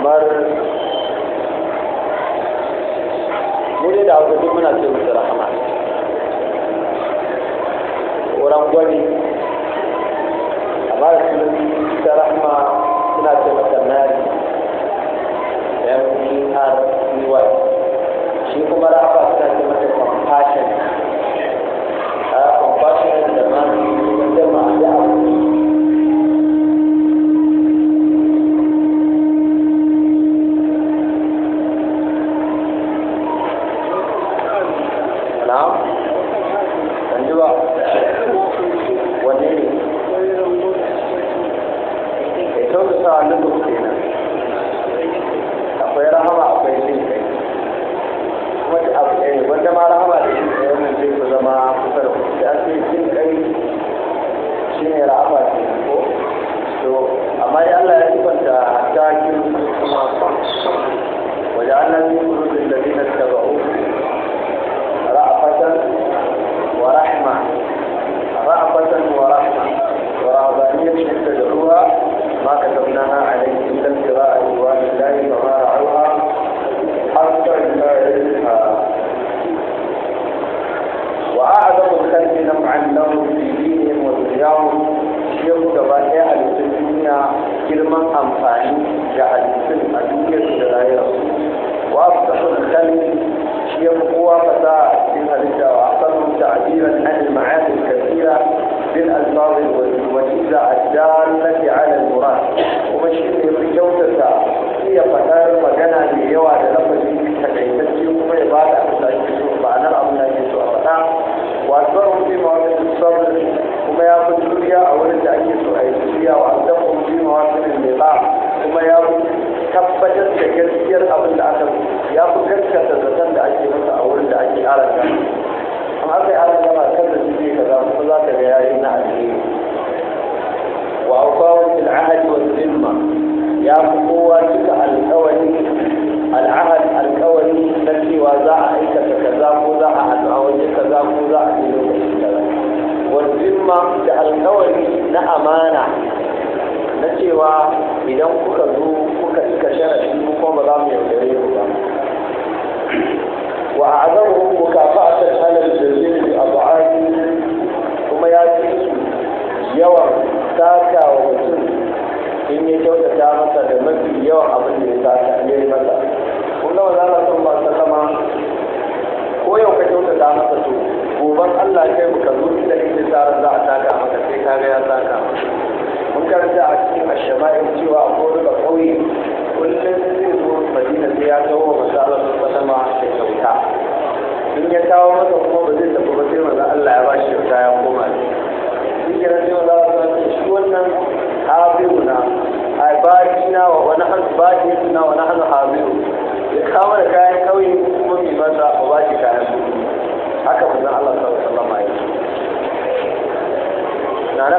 kamar mune da abu muna ce musu rahama wurin gwani a amma da su rahama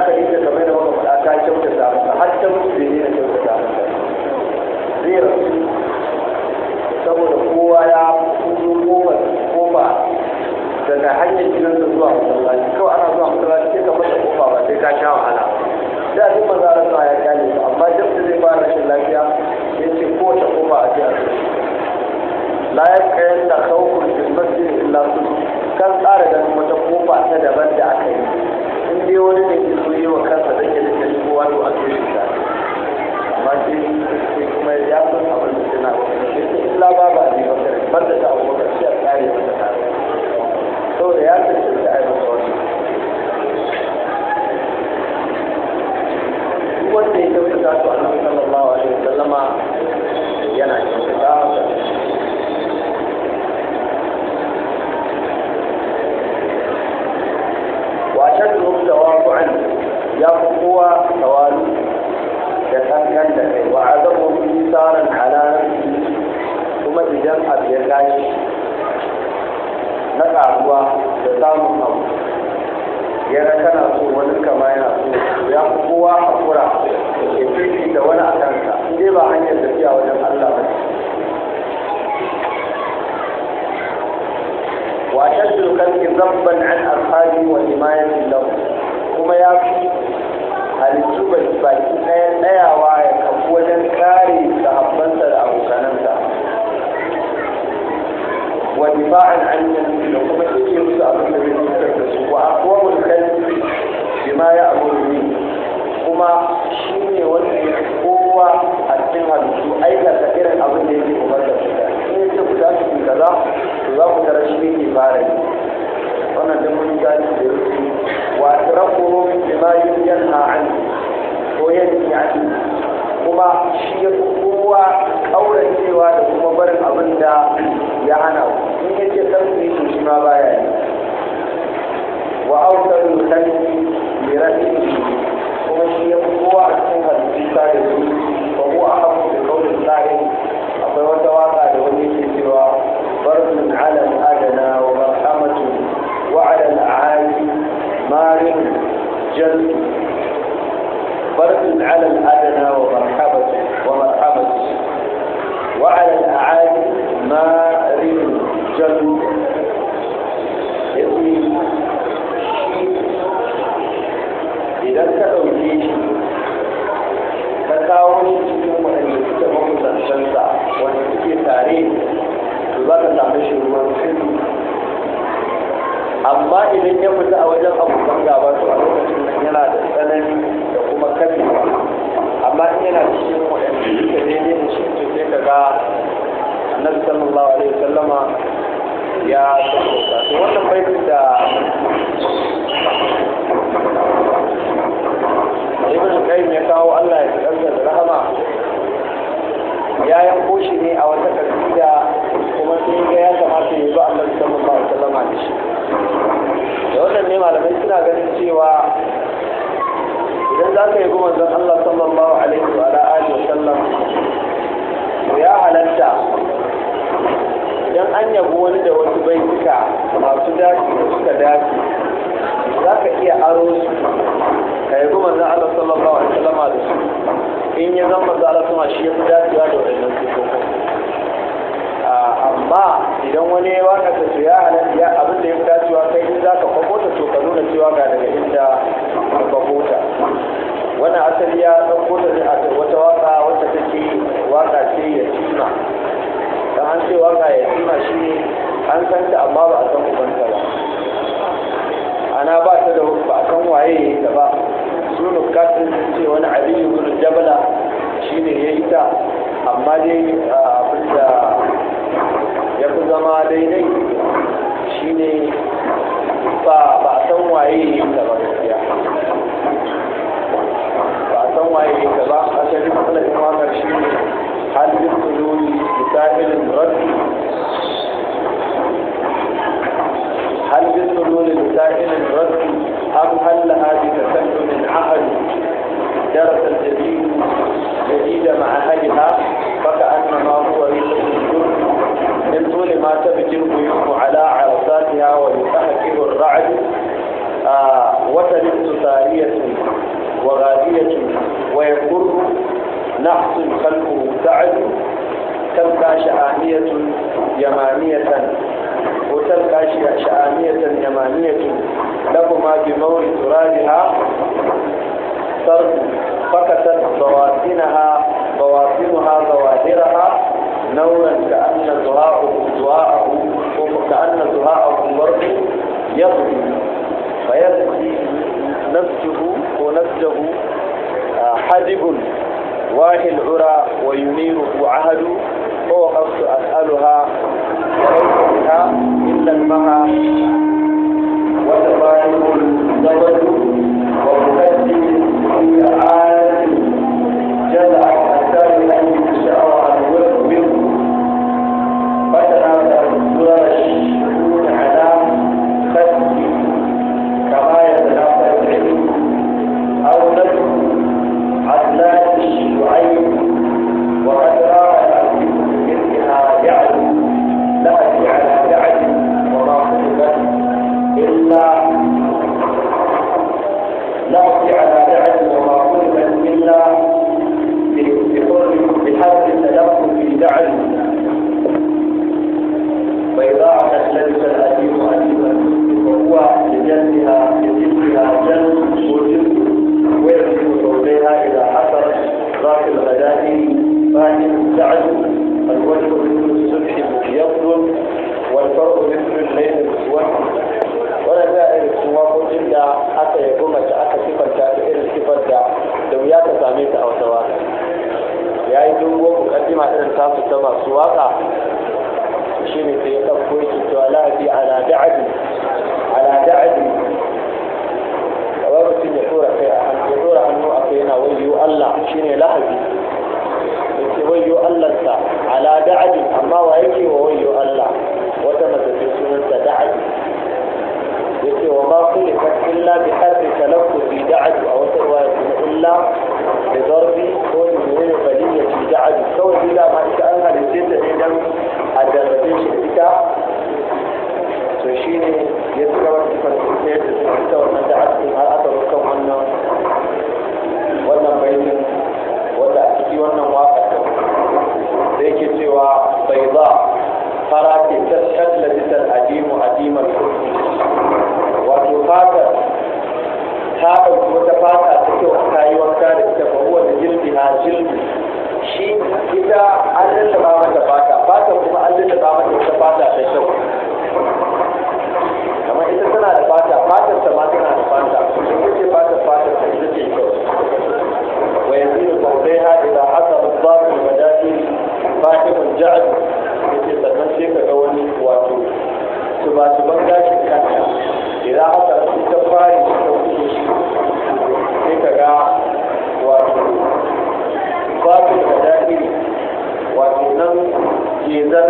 ka da kamar da wani faɗa ta kyautata masa har ta mutu da yi na kyautata masa zai rasu saboda kowa Ina ganin cewa idan za ka yi goma zan Allah sallallahu alaihi wa alihi wa sallam ya halatta idan an yabo wani da wasu baituka masu dace da suka dace za ka iya aro su ka yi goma zan Allah sallallahu alaihi wa sallam da su in ya zama masu Allah sama shi ya fi dacewa da waɗannan sifofin ah, amma idan wani ya waka ta ya halatta abin da ya fi dacewa kai in za ka kwafa wato ka nuna cewa ga daga inda ka kota wannan asali ya ɗauko ta ne a wata waka wata take waka ce ya cima dan an ce waka ya cima shi ne an san ta amma ba a san ubanta ba ana ba ta da ba a san waye ya yi ta ba kafin sun ce wani aliyu bin jabala ne ya yi ta amma dai abin da ya fi zama daidai shine ba a san waye yi ta ba gaskiya ba a san waye yi ta ba a shafi matsalar yin wakar shi ne halin kuluri misalin rabbi halin kuluri misalin rabbi am hallaha bi tasallumin ahad درس الجديد جديد مع أهلها فكأنما هو ريح من طول ما تبجر البيوت على عرصاتها ويستحكم الرعد وتلد سارية وغالية ويقر نحس الخلق تعد تلقى شعانية يمانية وتلقى شعانية يمانية لكما بمور ترابها صرف فكتت بواطنها بواطنها ظواهرها نورا كأن زهاءه زهاءه وكأن زهاءه برق يضرب فيبقي نفسه ونفسه آه، حدب واهي العرى وينيره عهد فوقفت أسألها وليس بها إلا المها وتباهي الزبد ومكذب الآية ما إن تاس تبع سواقة شيني في قفوية التوالاتي على دعد على دعد وابت يحور في أحد يحور أنه أطينا ويو الله شيني لحدي ويو الله على دعد أما وإيكي ويو الله ستة وعشرين يذكر ستة وأن تعبت المرأة وكم أن وأن بين وتأتي وأن واقع ذيك سوى بيضاء فرات تشهد لذة الأديم أديم الحكم وتفاكر ta ɗauki wata fata ta kyau a kayi wanka da ita fa huwa da jilbi ha jilbi shi ita an fatar ta ma tana da fata in kace fatar fatar ta ita ce kyau wa yazidu qawdaiha ila hasab al-dhab al-madati fatih al-ja'd yace sannan sai ka ga wani wato tuba tuban gashin kanta idan haka ita fari ta kuɗe shi sai ka ga wato fatih al-madati wato nan jezar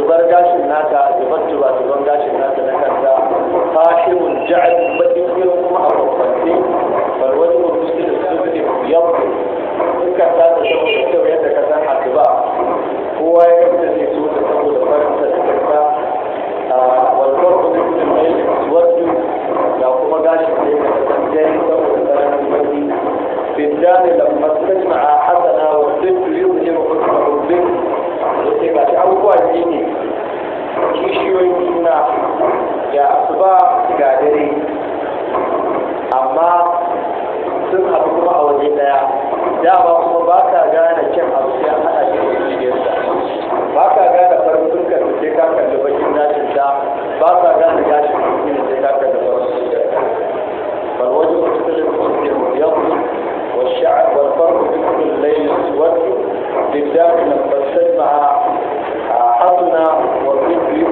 zubar gashin nata zubar zuba zuban gashin nata na kanta fashirun ja'al madiyar kuma a babbace bal wani mutum da su ne yabbu suka ta da saboda kyau yadda ka san akiba kowa ya kanta zai so ta saboda farin da suka ta walwar kuma su mai wadda da kuma gashin da ya kasance ya yi saboda farin da بالله لما استجمع حسنا والطب يظهر حسن الطب وتبقى أول ديني kishiyoyin juna ga asuba ga dare amma sun haɗu kuma a waje ɗaya dama kuma ba ka gane cin abu sai an haɗa shi da kishiyarsa ba ka gane farin fuskar da sai ka kalli bakin gashin ta ba ka gane gashin mutum da sai ka kalli farin fuskar ta bal wajen mutum da mutum ya والشعر والفرق في كل الليل الاسود لله لما استجمع حظنا والطفل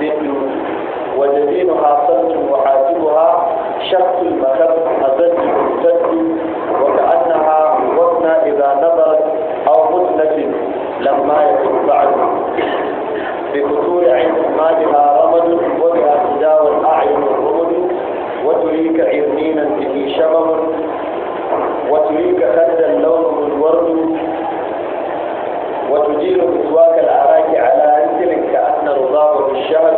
الذكر وجبينها صلت وحاجبها شخص المخف أزد مرتد وكأنها غصن إذا نظرت أو غصنة لما يكون بعد بكسور عين مالها رمد وبها تداوى أعين الرمد وتريك عرنينا به شمم وتريك خدا لونه الورد وتجيل مسواك العراك على الرضاق بالشعر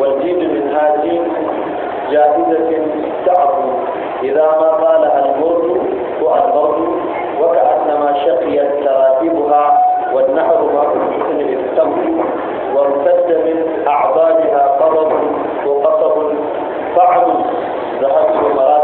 والجيد من هذه جائزة تعب إذا ما قالها المرد والبرد وكأنما شقيت تراتبها والنحر ما حسن التمر وارتد من أعضائها قرض وقصب فعل ذهبت مراتب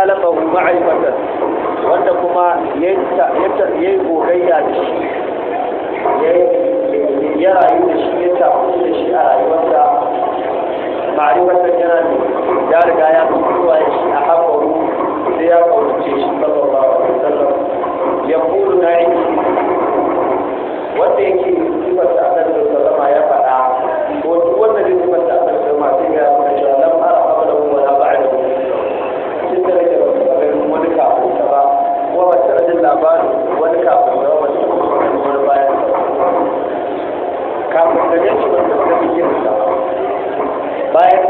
خالقه معرفة وانتكما ينسى ينسى ينبو غيات يرى يوش ينسى ينسى ينسى معرفة الجنان دارك آيات عليه يقول نعيم وانتكي كيف تعتدل صلى الله عليه Bye.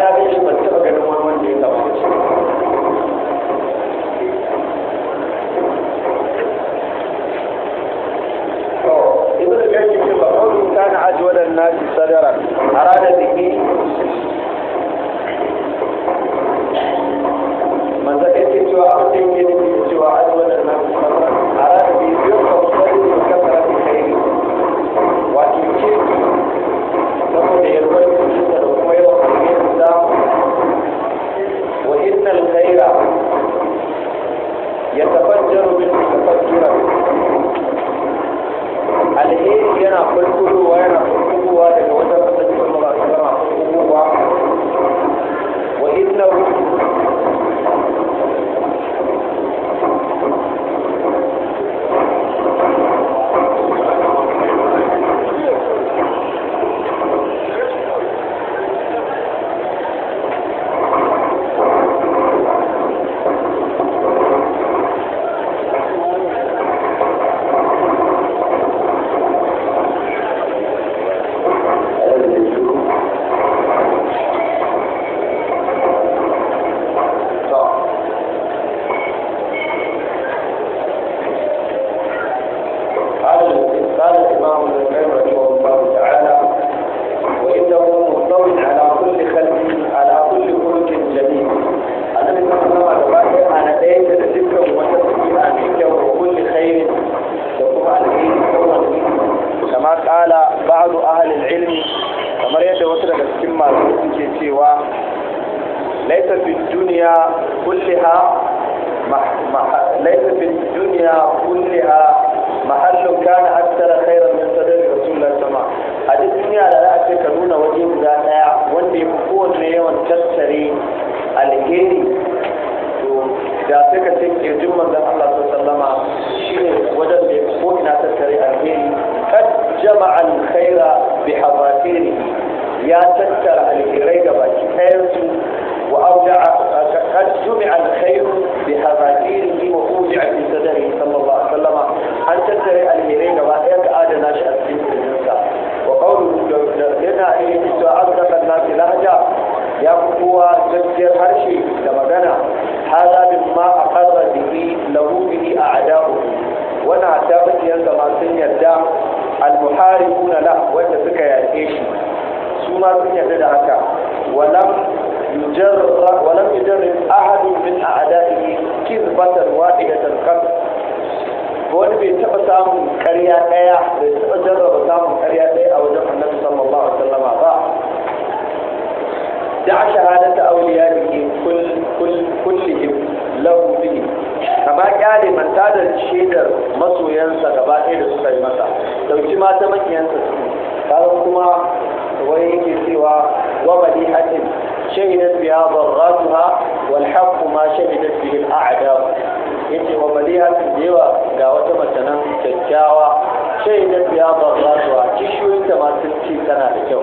tuhmatar wahidatar qad wani bai taba samun ƙarya ɗaya bai taba jarraba samun ƙarya ɗaya a wajen annabi sallallahu alaihi wasallam ba da shahadata awliya bihi kull kull kullihim lahu bihi kama kyale mantadar shaidar masoyansa gaba ɗaya da suka yi masa dauki mata makiyansa su kaga kuma wai yake cewa wa bali hatim shahidat biha dharratuha والحق ما شهدت به الأعداء إنتي ومليها في الديوة قاوتا مثلا تجاوة شهدت بها ضغطاتها تشو إنت ما تلتي سنة لجو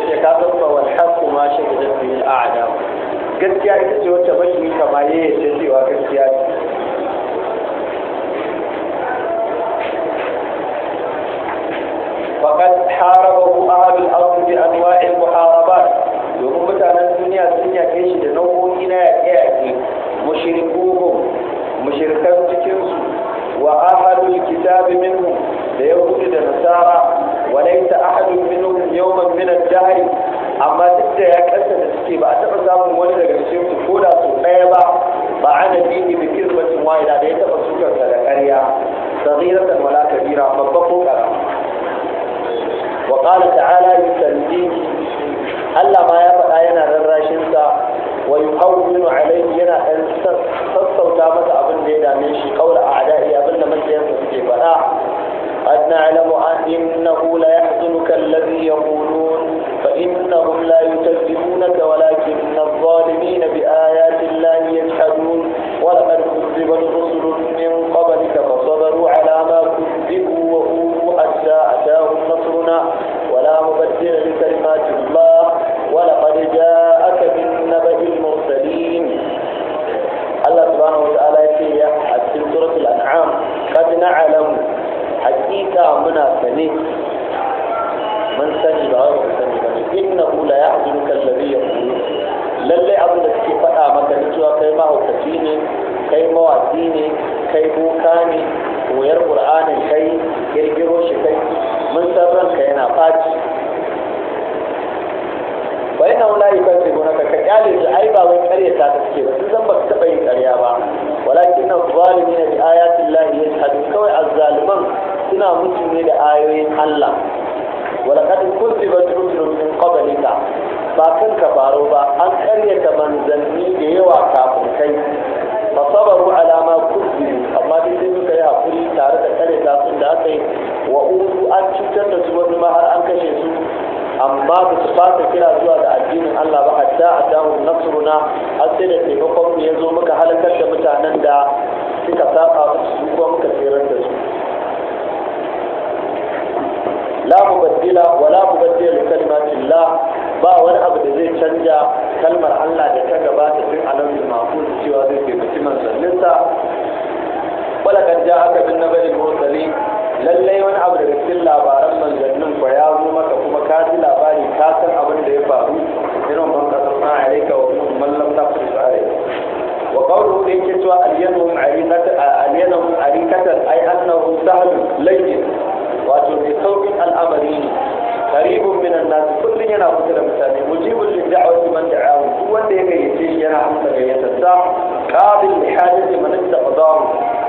إنتي كاظرما والحق ما شهدت به الأعداء قلت يا إنتي سوى تبشي كما يهدتي وقلت يا فقد حاربوا قال تعالى يسلم ألا ما يبقى أين الراشن سا ويقومن عليه ينا تصو دامت أبن ليدا ميشي قول أعدائي أبن من يصدق فلا قد نعلم أنه لا يحزنك الذي يقولون فإنهم لا يكذبونك ولكن الظالمين بآيات الله يجحدون ولقد كذب الرسل ne mun sani ba wa mun sani ba ne innahu la yahzunuka alladhi yaqulu lalle abin da suke faɗa maka da cewa kai mahaukaci ne kai mawaki ne kai boka ne koyar qur'anin kai girgiro shi kai mun san ranka yana faci wai na wula yi kwanci gona ka kyale su ai ba wai karya ta ta suke ba sun san ba su taɓa yin karya ba walakin na zalimi ne bi ayatin lahi ya kawai azzaliman suna mutu ne da ayoyin Allah wala kad kuntibat rusulun min qablika ba kan ka baro ba an karyata manzanni da yawa kafin kai fa sabaru ala ma kuntibu amma dai sai suka yi hakuri tare da karyata sun da aka yi wa utu an cutar da su wani ma har an kashe su amma ba su fasa kira zuwa da addinin Allah ba hatta a damu nasruna har sai da taimakon ya zo muka halakar da mutanen tabdila wala mubaddila li kalimatillah ba wani abu da zai canja kalmar Allah da ta gabata tun a nan mafus cewa zai taimaki manzanninsa wala kan ja aka bin nabalin mursalin lallai wani abu da cikin labaran manzannin ko ya zo maka kuma ka ji labari ka san abin da ya faru irin ban kasar na alaika wa kuma mallam na fi tsare wa qawluhu da yake cewa alyanhum arikatan alyanhum arikatan ay annahu sahlun layyin wato mai sauki الأمرين قريب من الناس كل ينافس المسان مجيب للدعوة من دعاه هو الذي يتيش ينافس ليتساع قابل لحاجة من استقضاه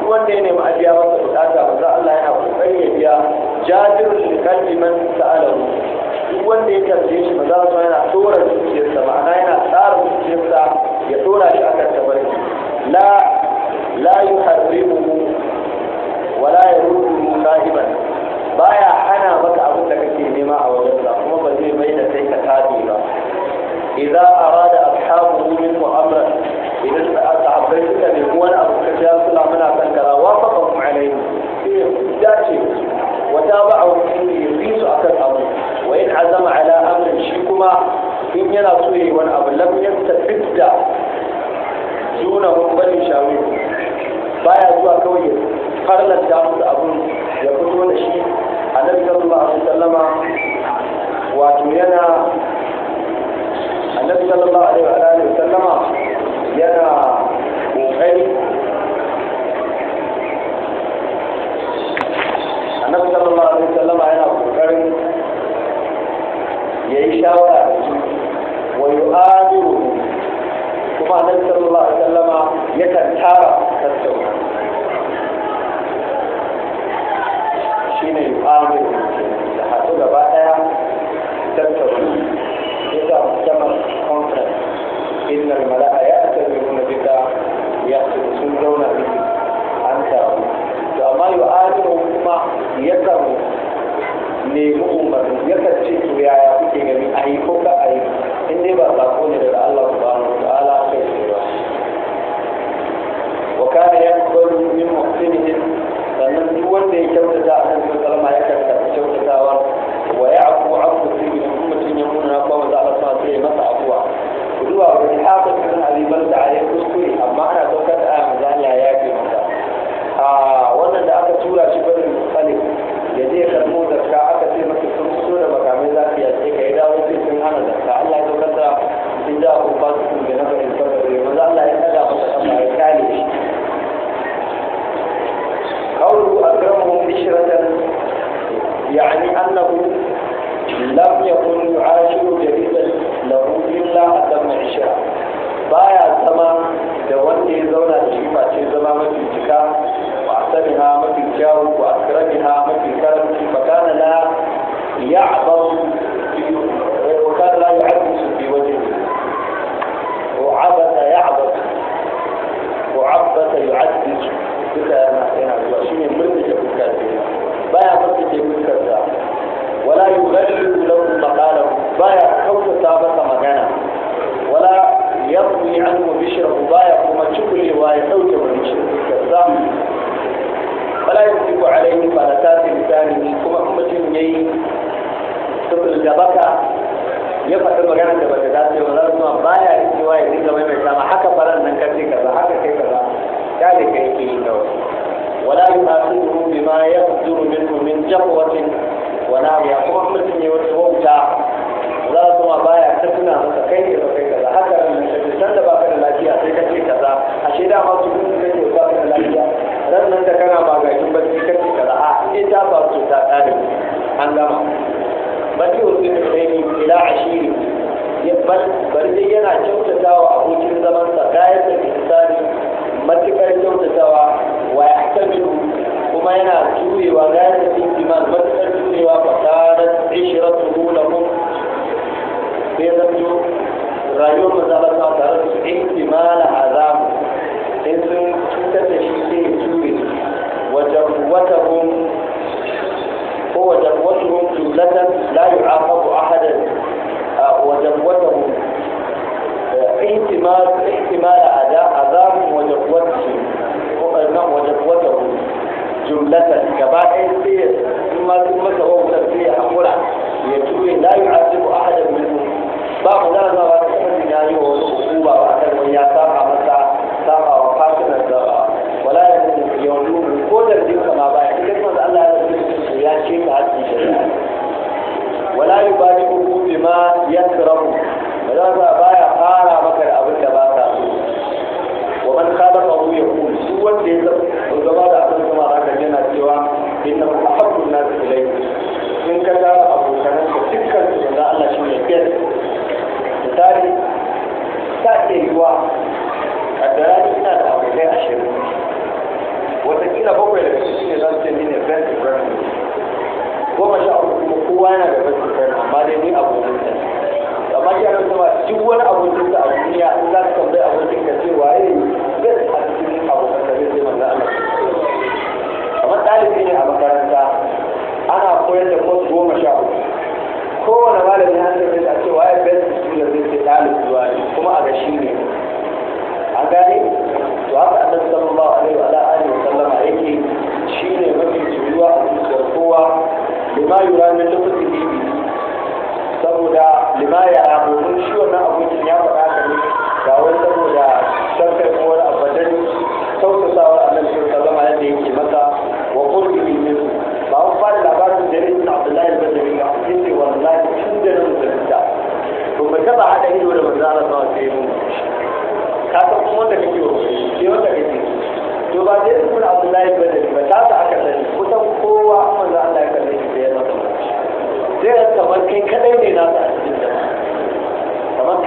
هو الذي مأجي رب العزاء رضاء الله ينافس ليتيا جادر لقلب من سأله هو الذي يتيش مدارة وينا طورة جيسة معناه صار جيسة يطورة شعك التبرك لا لا يحرمه ولا يرده خائبا hana maka abin da kake nema a wajensa kuma ba zai mai da kai ka tabi ba idza arada ashabu min mu'amra idan sahabbai suka nemi wani abu ka ja suna muna kan kara wa fa fa alaihi dace wata ba a yi su akan abu wa in azama ala amrin shi kuma in yana so yi wani abu lam yastafid da juna mun bani shawi baya zuwa kawai ya farlanta musu abun ya fito da shi annabi sallallahu alaihi wasallama wato yana annabi sallallahu alaihi wasallama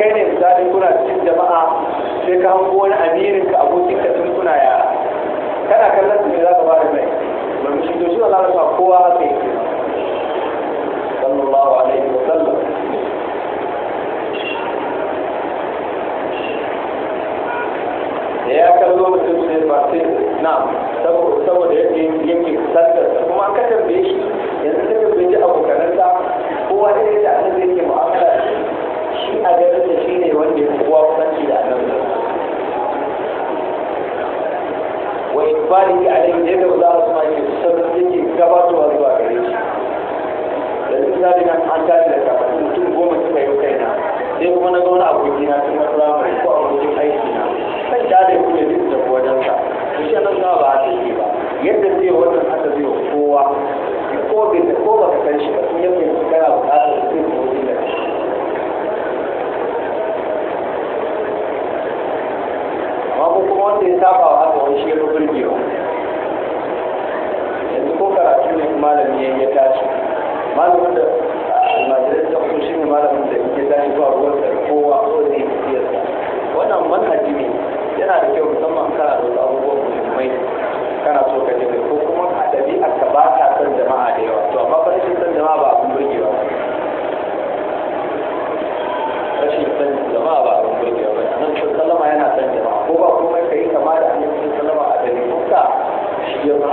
kai ne misali kuna cikin jama'a sai ka hango wani amirin ka abokin ka tun kuna yara kana kallon su ne za ka ba da mai shi to shi ba za ka sa kowa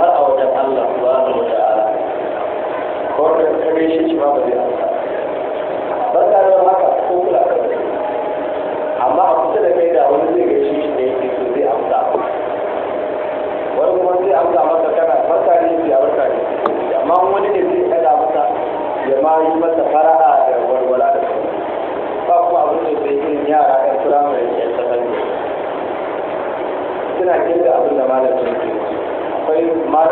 har a wajen Allah subhanahu wa ta'ala ko da ka gaishe shi ma ba zai amsa ba ka da haka ko kula ka amma a kusa da kai da wani zai gaishe shi ne yake so zai amsa wani kuma zai amsa masa kana barka ne ya barka ne amma wani ne zai kada masa ya ma yi masa fara'a da walwala da ba kuma abin da zai irin yara ɗan firamare ke sakandare suna kirga abin da sun ke এই মার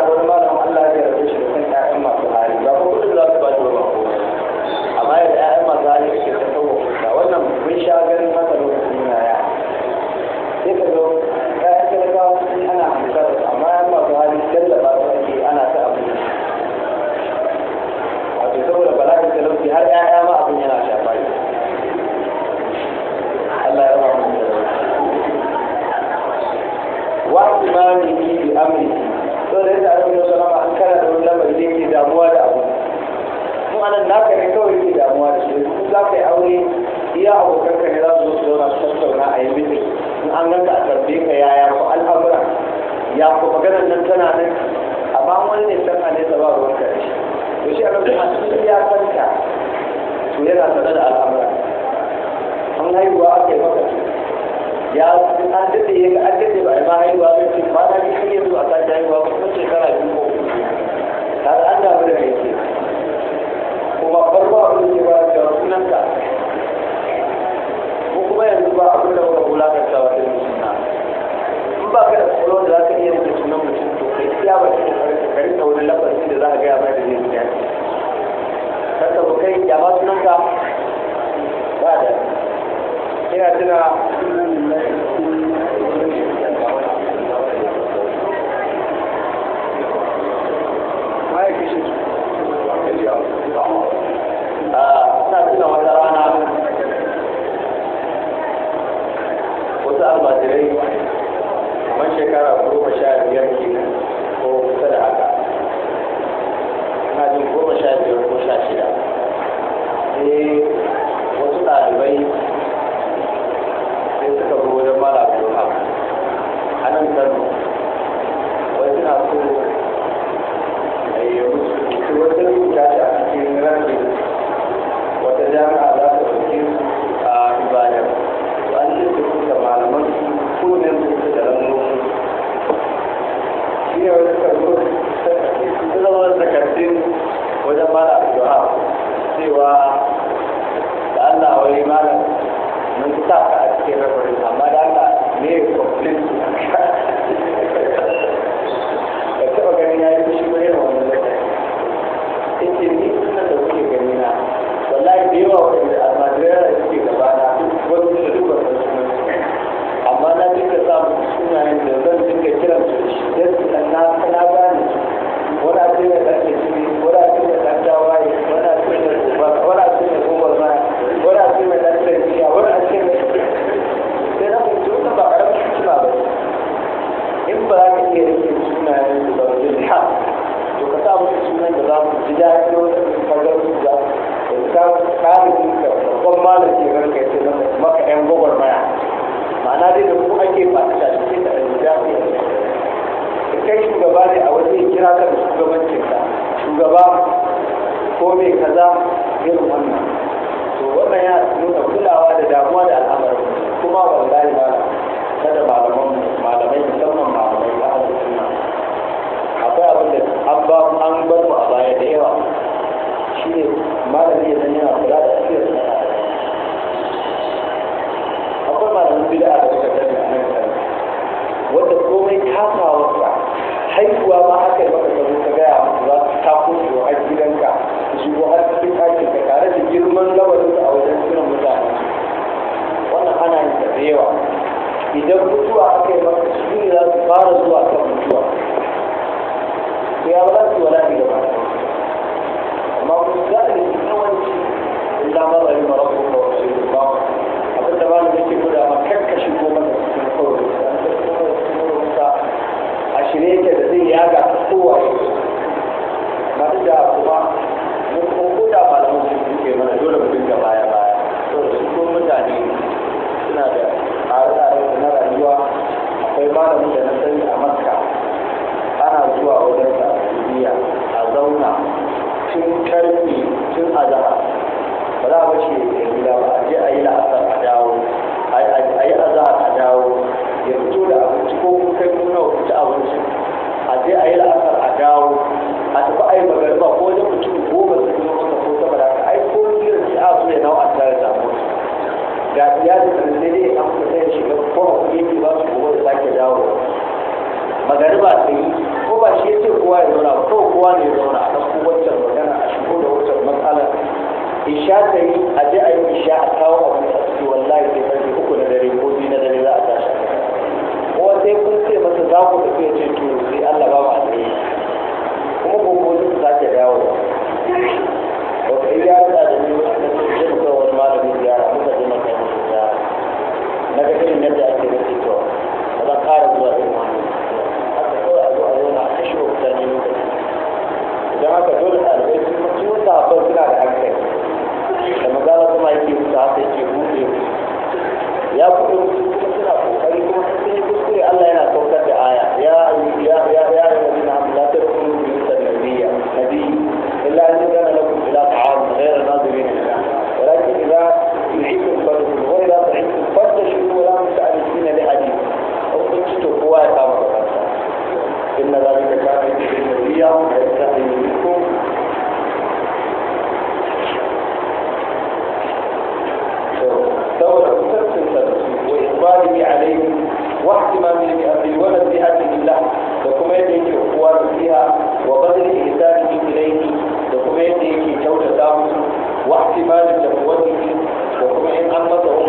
da tsoro da za ka iya rike sunan mutum to kai iya ba shi ka rika wani lafazi da za ka gaya mai da zai ji daɗi kasa ba kai ya ba sunan ka ba da ina tuna ba za ka iya rike sunayen su ba wajen ha to ka sa musu sunan da za mu ji daɗi wata kagar su za da ka kare ka babban malam ke ranka ya ce maka yan gwagwarmaya ma'ana dai da ku ake fata da ke da daɗi da kai shugaba ne a wajen kira ka da shugabancin ka shugaba ko mai kaza irin wannan to wannan ya nuna kulawa da damuwa da al'amarin kuma wallahi ba kada ba an bar mu a baya da yawa shi ne malami ya zan yana kula da tafiyar sa akwai malamin bid'a da suka tafi a nan kan wanda komai wata haihuwa ma aka yi maka sabo ka gaya musu za su tako su a gidanka su shigo har cikin ɗakin ka tare da girman lamarin a wajen kiran mutane wannan ana yin da yawa idan mutuwa aka yi maka shi ne za su fara zuwa kan ya ba su wala ne gaba amma kuma za a yi in da mara yi mara kuma ba abin da ba da yake a shirye da zai yaga kowa ya ba duk da kuma mun mana dole mu dinga baya baya to su ko mutane suna da tsare na rayuwa akwai malamin da na sani a cikin karfi tun azahar ba za a bace ya gida ba واحتمال تفوته وكما إن